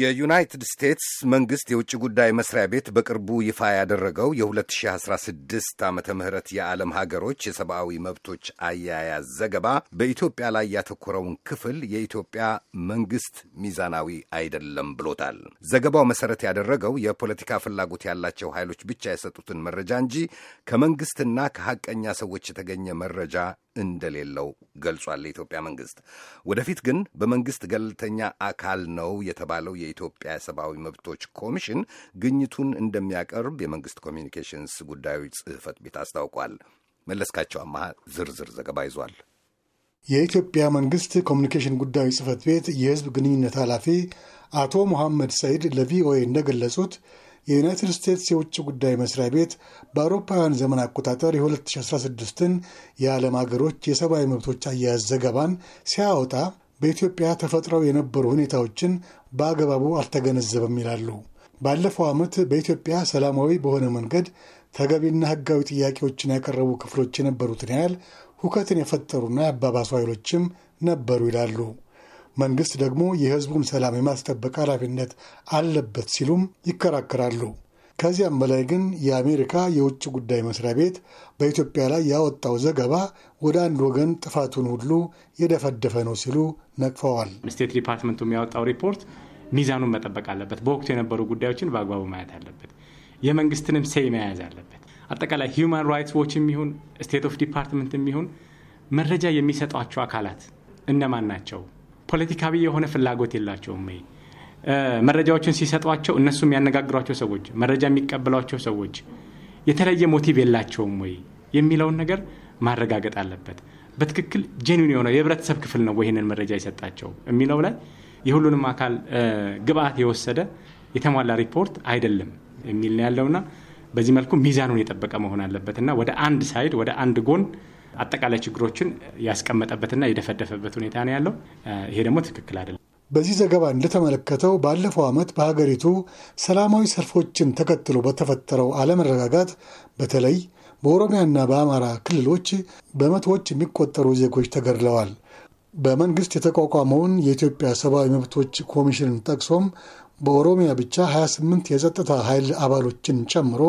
የዩናይትድ ስቴትስ መንግሥት የውጭ ጉዳይ መስሪያ ቤት በቅርቡ ይፋ ያደረገው የ2016 ዓመተ ምህረት የዓለም ሀገሮች የሰብአዊ መብቶች አያያዝ ዘገባ በኢትዮጵያ ላይ ያተኮረውን ክፍል የኢትዮጵያ መንግሥት ሚዛናዊ አይደለም ብሎታል። ዘገባው መሠረት ያደረገው የፖለቲካ ፍላጎት ያላቸው ኃይሎች ብቻ የሰጡትን መረጃ እንጂ ከመንግሥትና ከሐቀኛ ሰዎች የተገኘ መረጃ እንደሌለው ገልጿል የኢትዮጵያ መንግስት። ወደፊት ግን በመንግስት ገለልተኛ አካል ነው የተባለው የኢትዮጵያ ሰብአዊ መብቶች ኮሚሽን ግኝቱን እንደሚያቀርብ የመንግስት ኮሚኒኬሽንስ ጉዳዮች ጽህፈት ቤት አስታውቋል። መለስካቸው አማሃ ዝርዝር ዘገባ ይዟል። የኢትዮጵያ መንግስት ኮሚኒኬሽን ጉዳዮች ጽህፈት ቤት የህዝብ ግንኙነት ኃላፊ አቶ መሐመድ ሰይድ ለቪኦኤ እንደገለጹት የዩናይትድ ስቴትስ የውጭ ጉዳይ መስሪያ ቤት በአውሮፓውያን ዘመን አቆጣጠር የ2016ን የዓለም አገሮች የሰብአዊ መብቶች አያያዝ ዘገባን ሲያወጣ በኢትዮጵያ ተፈጥረው የነበሩ ሁኔታዎችን በአግባቡ አልተገነዘበም ይላሉ። ባለፈው ዓመት በኢትዮጵያ ሰላማዊ በሆነ መንገድ ተገቢና ሕጋዊ ጥያቄዎችን ያቀረቡ ክፍሎች የነበሩትን ያህል ሁከትን የፈጠሩና የአባባሱ ኃይሎችም ነበሩ ይላሉ። መንግስት ደግሞ የህዝቡን ሰላም የማስጠበቅ ኃላፊነት አለበት ሲሉም ይከራከራሉ። ከዚያም በላይ ግን የአሜሪካ የውጭ ጉዳይ መስሪያ ቤት በኢትዮጵያ ላይ ያወጣው ዘገባ ወደ አንድ ወገን ጥፋቱን ሁሉ የደፈደፈ ነው ሲሉ ነቅፈዋል። ስቴት ዲፓርትመንቱ የሚያወጣው ሪፖርት ሚዛኑን መጠበቅ አለበት። በወቅቱ የነበሩ ጉዳዮችን በአግባቡ ማየት አለበት። የመንግስትንም ሴይ መያዝ አለበት። አጠቃላይ ሂውማን ራይትስ ዎች የሚሆን ስቴት ኦፍ ዲፓርትመንት የሚሆን መረጃ የሚሰጧቸው አካላት እነማን ናቸው? ፖለቲካዊ የሆነ ፍላጎት የላቸውም። መረጃዎችን ሲሰጧቸው እነሱ የሚያነጋግሯቸው ሰዎች፣ መረጃ የሚቀበሏቸው ሰዎች የተለየ ሞቲቭ የላቸውም ወይ የሚለውን ነገር ማረጋገጥ አለበት። በትክክል ጄኒን የሆነ የህብረተሰብ ክፍል ነው ይህንን መረጃ የሰጣቸው የሚለው ላይ የሁሉንም አካል ግብአት የወሰደ የተሟላ ሪፖርት አይደለም የሚል ነው ያለውና በዚህ መልኩ ሚዛኑን የጠበቀ መሆን አለበት እና ወደ አንድ ሳይድ ወደ አንድ ጎን አጠቃላይ ችግሮችን ያስቀመጠበትና የደፈደፈበት ሁኔታ ነው ያለው። ይሄ ደግሞ ትክክል አይደለም። በዚህ ዘገባ እንደተመለከተው ባለፈው ዓመት በሀገሪቱ ሰላማዊ ሰልፎችን ተከትሎ በተፈጠረው አለመረጋጋት በተለይ በኦሮሚያና በአማራ ክልሎች በመቶዎች የሚቆጠሩ ዜጎች ተገድለዋል። በመንግስት የተቋቋመውን የኢትዮጵያ ሰብአዊ መብቶች ኮሚሽንን ጠቅሶም በኦሮሚያ ብቻ 28 የጸጥታ ኃይል አባሎችን ጨምሮ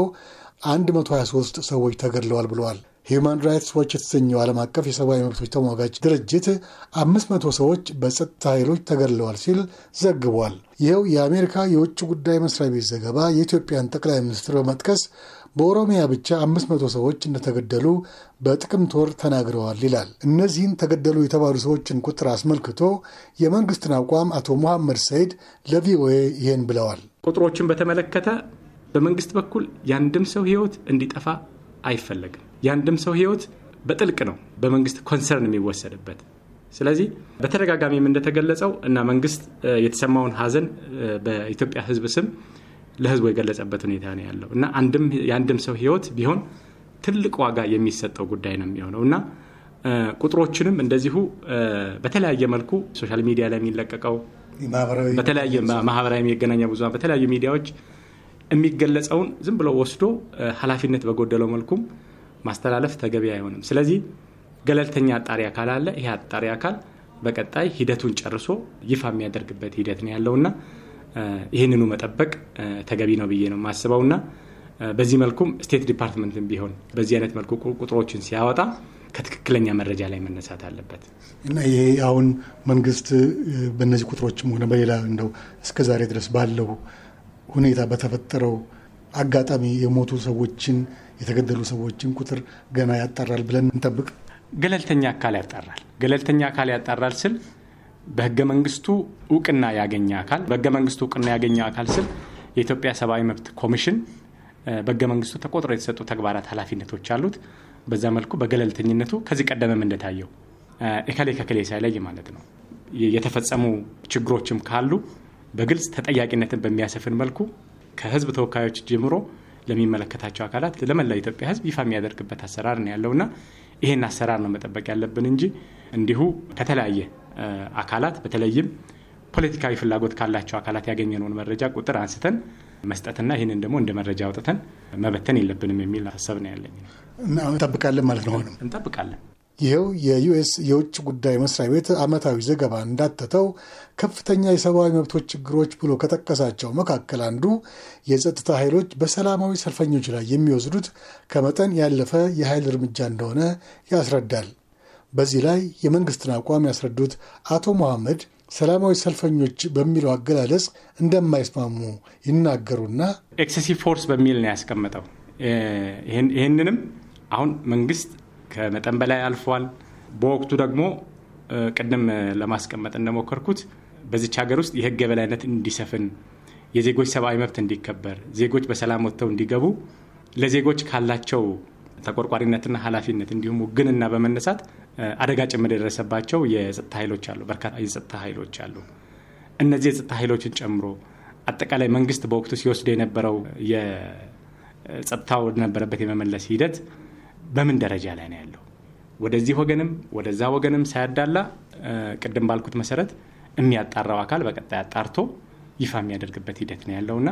123 ሰዎች ተገድለዋል ብለዋል። ሂዩማን ራይትስ ዎች የተሰኘው ዓለም አቀፍ የሰብአዊ መብቶች ተሟጋች ድርጅት አምስት መቶ ሰዎች በጸጥታ ኃይሎች ተገድለዋል ሲል ዘግቧል። ይኸው የአሜሪካ የውጭ ጉዳይ መስሪያ ቤት ዘገባ የኢትዮጵያን ጠቅላይ ሚኒስትር በመጥቀስ በኦሮሚያ ብቻ አምስት መቶ ሰዎች እንደተገደሉ በጥቅምት ወር ተናግረዋል ይላል። እነዚህን ተገደሉ የተባሉ ሰዎችን ቁጥር አስመልክቶ የመንግስትን አቋም አቶ መሐመድ ሰይድ ለቪኦኤ ይህን ብለዋል። ቁጥሮችን በተመለከተ በመንግስት በኩል ያንድም ሰው ህይወት እንዲጠፋ አይፈለግም። የአንድም ሰው ህይወት በጥልቅ ነው በመንግስት ኮንሰርን የሚወሰድበት። ስለዚህ በተደጋጋሚም እንደተገለጸው እና መንግስት የተሰማውን ሀዘን በኢትዮጵያ ህዝብ ስም ለህዝቡ የገለጸበት ሁኔታ ነው ያለው እና የአንድም ሰው ህይወት ቢሆን ትልቅ ዋጋ የሚሰጠው ጉዳይ ነው የሚሆነው እና ቁጥሮችንም እንደዚሁ በተለያየ መልኩ ሶሻል ሚዲያ ላይ የሚለቀቀው በተለያየ ማህበራዊ የመገናኛ ብዙሃን በተለያዩ ሚዲያዎች የሚገለጸውን ዝም ብሎ ወስዶ ኃላፊነት በጎደለው መልኩም ማስተላለፍ ተገቢ አይሆንም። ስለዚህ ገለልተኛ አጣሪ አካል አለ። ይህ አጣሪ አካል በቀጣይ ሂደቱን ጨርሶ ይፋ የሚያደርግበት ሂደት ነው ያለውና ይህንኑ መጠበቅ ተገቢ ነው ብዬ ነው ማስበውና በዚህ መልኩም ስቴት ዲፓርትመንትን ቢሆን በዚህ አይነት መልኩ ቁጥሮችን ሲያወጣ ከትክክለኛ መረጃ ላይ መነሳት አለበት እና ይሄ አሁን መንግስት በእነዚህ ቁጥሮችም ሆነ በሌላ እንደው እስከዛሬ ድረስ ባለው ሁኔታ በተፈጠረው አጋጣሚ የሞቱ ሰዎችን የተገደሉ ሰዎችን ቁጥር ገና ያጣራል ብለን እንጠብቅ። ገለልተኛ አካል ያጣራል። ገለልተኛ አካል ያጣራል ስል በህገ መንግስቱ እውቅና ያገኘ አካል በህገ መንግስቱ እውቅና ያገኘ አካል ስል የኢትዮጵያ ሰብአዊ መብት ኮሚሽን በህገ መንግስቱ ተቆጥሮ የተሰጡ ተግባራት ኃላፊነቶች አሉት። በዛ መልኩ በገለልተኝነቱ ከዚህ ቀደምም እንደታየው እከሌ ከከሌ ሳይለይ ማለት ነው የተፈጸሙ ችግሮችም ካሉ በግልጽ ተጠያቂነትን በሚያሰፍን መልኩ ከህዝብ ተወካዮች ጀምሮ ለሚመለከታቸው አካላት ለመላው ኢትዮጵያ ህዝብ ይፋ የሚያደርግበት አሰራር ነው ያለውና ይህን አሰራር ነው መጠበቅ ያለብን እንጂ እንዲሁ ከተለያየ አካላት በተለይም ፖለቲካዊ ፍላጎት ካላቸው አካላት ያገኘነውን መረጃ ቁጥር አንስተን መስጠትና ይህንን ደግሞ እንደ መረጃ አውጥተን መበተን የለብንም የሚል ሀሳብ ነው ያለኝ። እንጠብቃለን ማለት ነው። ሆንም እንጠብቃለን። ይኸው የዩኤስ የውጭ ጉዳይ መስሪያ ቤት ዓመታዊ ዘገባ እንዳተተው ከፍተኛ የሰብአዊ መብቶች ችግሮች ብሎ ከጠቀሳቸው መካከል አንዱ የጸጥታ ኃይሎች በሰላማዊ ሰልፈኞች ላይ የሚወስዱት ከመጠን ያለፈ የኃይል እርምጃ እንደሆነ ያስረዳል። በዚህ ላይ የመንግስትን አቋም ያስረዱት አቶ መሐመድ ሰላማዊ ሰልፈኞች በሚለው አገላለጽ እንደማይስማሙ ይናገሩና ኤክሴሲቭ ፎርስ በሚል ነው ያስቀመጠው። ይህንንም አሁን መንግስት ከመጠን በላይ አልፏል። በወቅቱ ደግሞ ቅድም ለማስቀመጥ እንደሞከርኩት በዚች ሀገር ውስጥ የህግ የበላይነት እንዲሰፍን፣ የዜጎች ሰብአዊ መብት እንዲከበር፣ ዜጎች በሰላም ወጥተው እንዲገቡ ለዜጎች ካላቸው ተቆርቋሪነትና ኃላፊነት እንዲሁም ውግንና በመነሳት አደጋ ጭምር የደረሰባቸው የጸጥታ ኃይሎች አሉ። በርካታ የጸጥታ ኃይሎች አሉ። እነዚህ የጸጥታ ኃይሎችን ጨምሮ አጠቃላይ መንግስት በወቅቱ ሲወስድ የነበረው የጸጥታው ወደነበረበት የመመለስ ሂደት በምን ደረጃ ላይ ነው ያለው ወደዚህ ወገንም ወደዛ ወገንም ሳያዳላ ቅድም ባልኩት መሰረት የሚያጣራው አካል በቀጣይ አጣርቶ ይፋ የሚያደርግበት ሂደት ነው ያለውና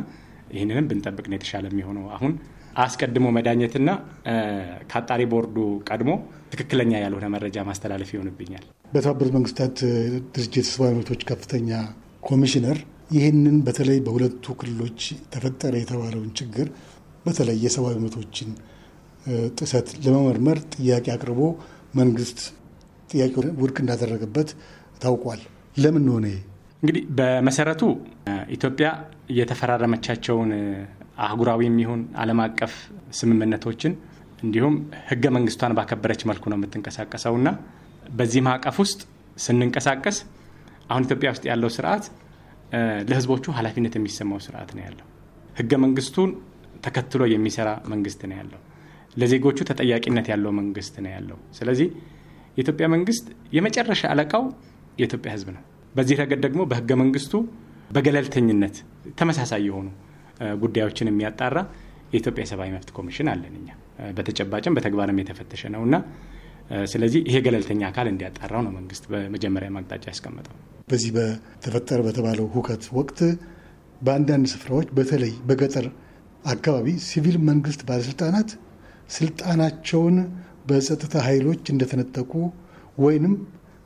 ይህንንም ብንጠብቅ ነው የተሻለ የሚሆነው። አሁን አስቀድሞ መዳኘትና ከአጣሪ ቦርዱ ቀድሞ ትክክለኛ ያልሆነ መረጃ ማስተላለፍ ይሆንብኛል። በተባበሩት መንግስታት ድርጅት ሰብአዊ መብቶች ከፍተኛ ኮሚሽነር ይህንን በተለይ በሁለቱ ክልሎች ተፈጠረ የተባለውን ችግር በተለይ የሰብአዊ መብቶችን ጥሰት ለመመርመር ጥያቄ አቅርቦ መንግስት ጥያቄ ውድቅ እንዳደረገበት ታውቋል። ለምን ሆነ? እንግዲህ በመሰረቱ ኢትዮጵያ የተፈራረመቻቸውን አህጉራዊ የሚሆን ዓለም አቀፍ ስምምነቶችን እንዲሁም ህገ መንግስቷን ባከበረች መልኩ ነው የምትንቀሳቀሰው እና በዚህ ማዕቀፍ ውስጥ ስንንቀሳቀስ አሁን ኢትዮጵያ ውስጥ ያለው ስርዓት ለህዝቦቹ ኃላፊነት የሚሰማው ስርዓት ነው ያለው። ህገ መንግስቱን ተከትሎ የሚሰራ መንግስት ነው ያለው። ለዜጎቹ ተጠያቂነት ያለው መንግስት ነው ያለው። ስለዚህ የኢትዮጵያ መንግስት የመጨረሻ አለቃው የኢትዮጵያ ህዝብ ነው። በዚህ ረገድ ደግሞ በህገ መንግስቱ በገለልተኝነት ተመሳሳይ የሆኑ ጉዳዮችን የሚያጣራ የኢትዮጵያ የሰብአዊ መብት ኮሚሽን አለን እኛ በተጨባጭም በተግባርም የተፈተሸ ነው እና ስለዚህ ይሄ ገለልተኛ አካል እንዲያጣራው ነው መንግስት በመጀመሪያ ማቅጣጫ ያስቀመጠው። በዚህ በተፈጠረ በተባለው ሁከት ወቅት በአንዳንድ ስፍራዎች በተለይ በገጠር አካባቢ ሲቪል መንግስት ባለስልጣናት ስልጣናቸውን በጸጥታ ኃይሎች እንደተነጠቁ ወይንም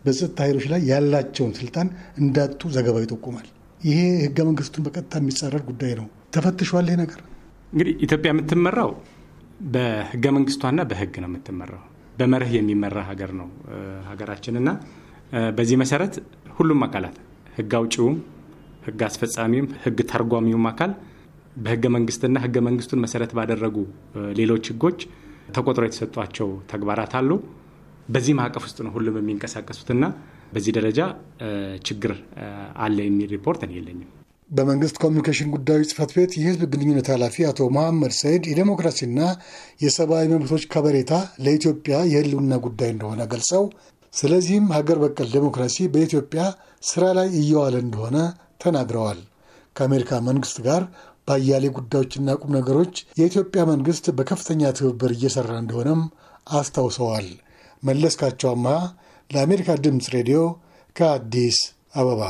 በጸጥታ ኃይሎች ላይ ያላቸውን ስልጣን እንዳጡ ዘገባው ይጠቁማል። ይሄ ህገ መንግስቱን በቀጥታ የሚጻረር ጉዳይ ነው። ተፈትሿል። ይሄ ነገር እንግዲህ ኢትዮጵያ የምትመራው በህገ መንግስቷና በህግ ነው የምትመራው። በመርህ የሚመራ ሀገር ነው እና በዚህ መሰረት ሁሉም አካላት ህግ አውጪውም፣ ህግ አስፈጻሚውም፣ ህግ ተርጓሚውም አካል በህገ መንግስትና ህገ መንግስቱን መሰረት ባደረጉ ሌሎች ህጎች ተቆጥሮ የተሰጧቸው ተግባራት አሉ። በዚህ ማዕቀፍ ውስጥ ነው ሁሉም የሚንቀሳቀሱትና በዚህ ደረጃ ችግር አለ የሚል ሪፖርት እኔ የለኝም። በመንግስት ኮሚኒኬሽን ጉዳዮች ጽህፈት ቤት የህዝብ ግንኙነት ኃላፊ አቶ መሐመድ ሰይድ የዴሞክራሲና የሰብአዊ መብቶች ከበሬታ ለኢትዮጵያ የህልውና ጉዳይ እንደሆነ ገልጸው ስለዚህም ሀገር በቀል ዴሞክራሲ በኢትዮጵያ ስራ ላይ እየዋለ እንደሆነ ተናግረዋል። ከአሜሪካ መንግስት ጋር በአያሌ ጉዳዮችና ቁም ነገሮች የኢትዮጵያ መንግስት በከፍተኛ ትብብር እየሰራ እንደሆነም አስታውሰዋል። መለስካቸው አምሃ ለአሜሪካ ድምፅ ሬዲዮ ከአዲስ አበባ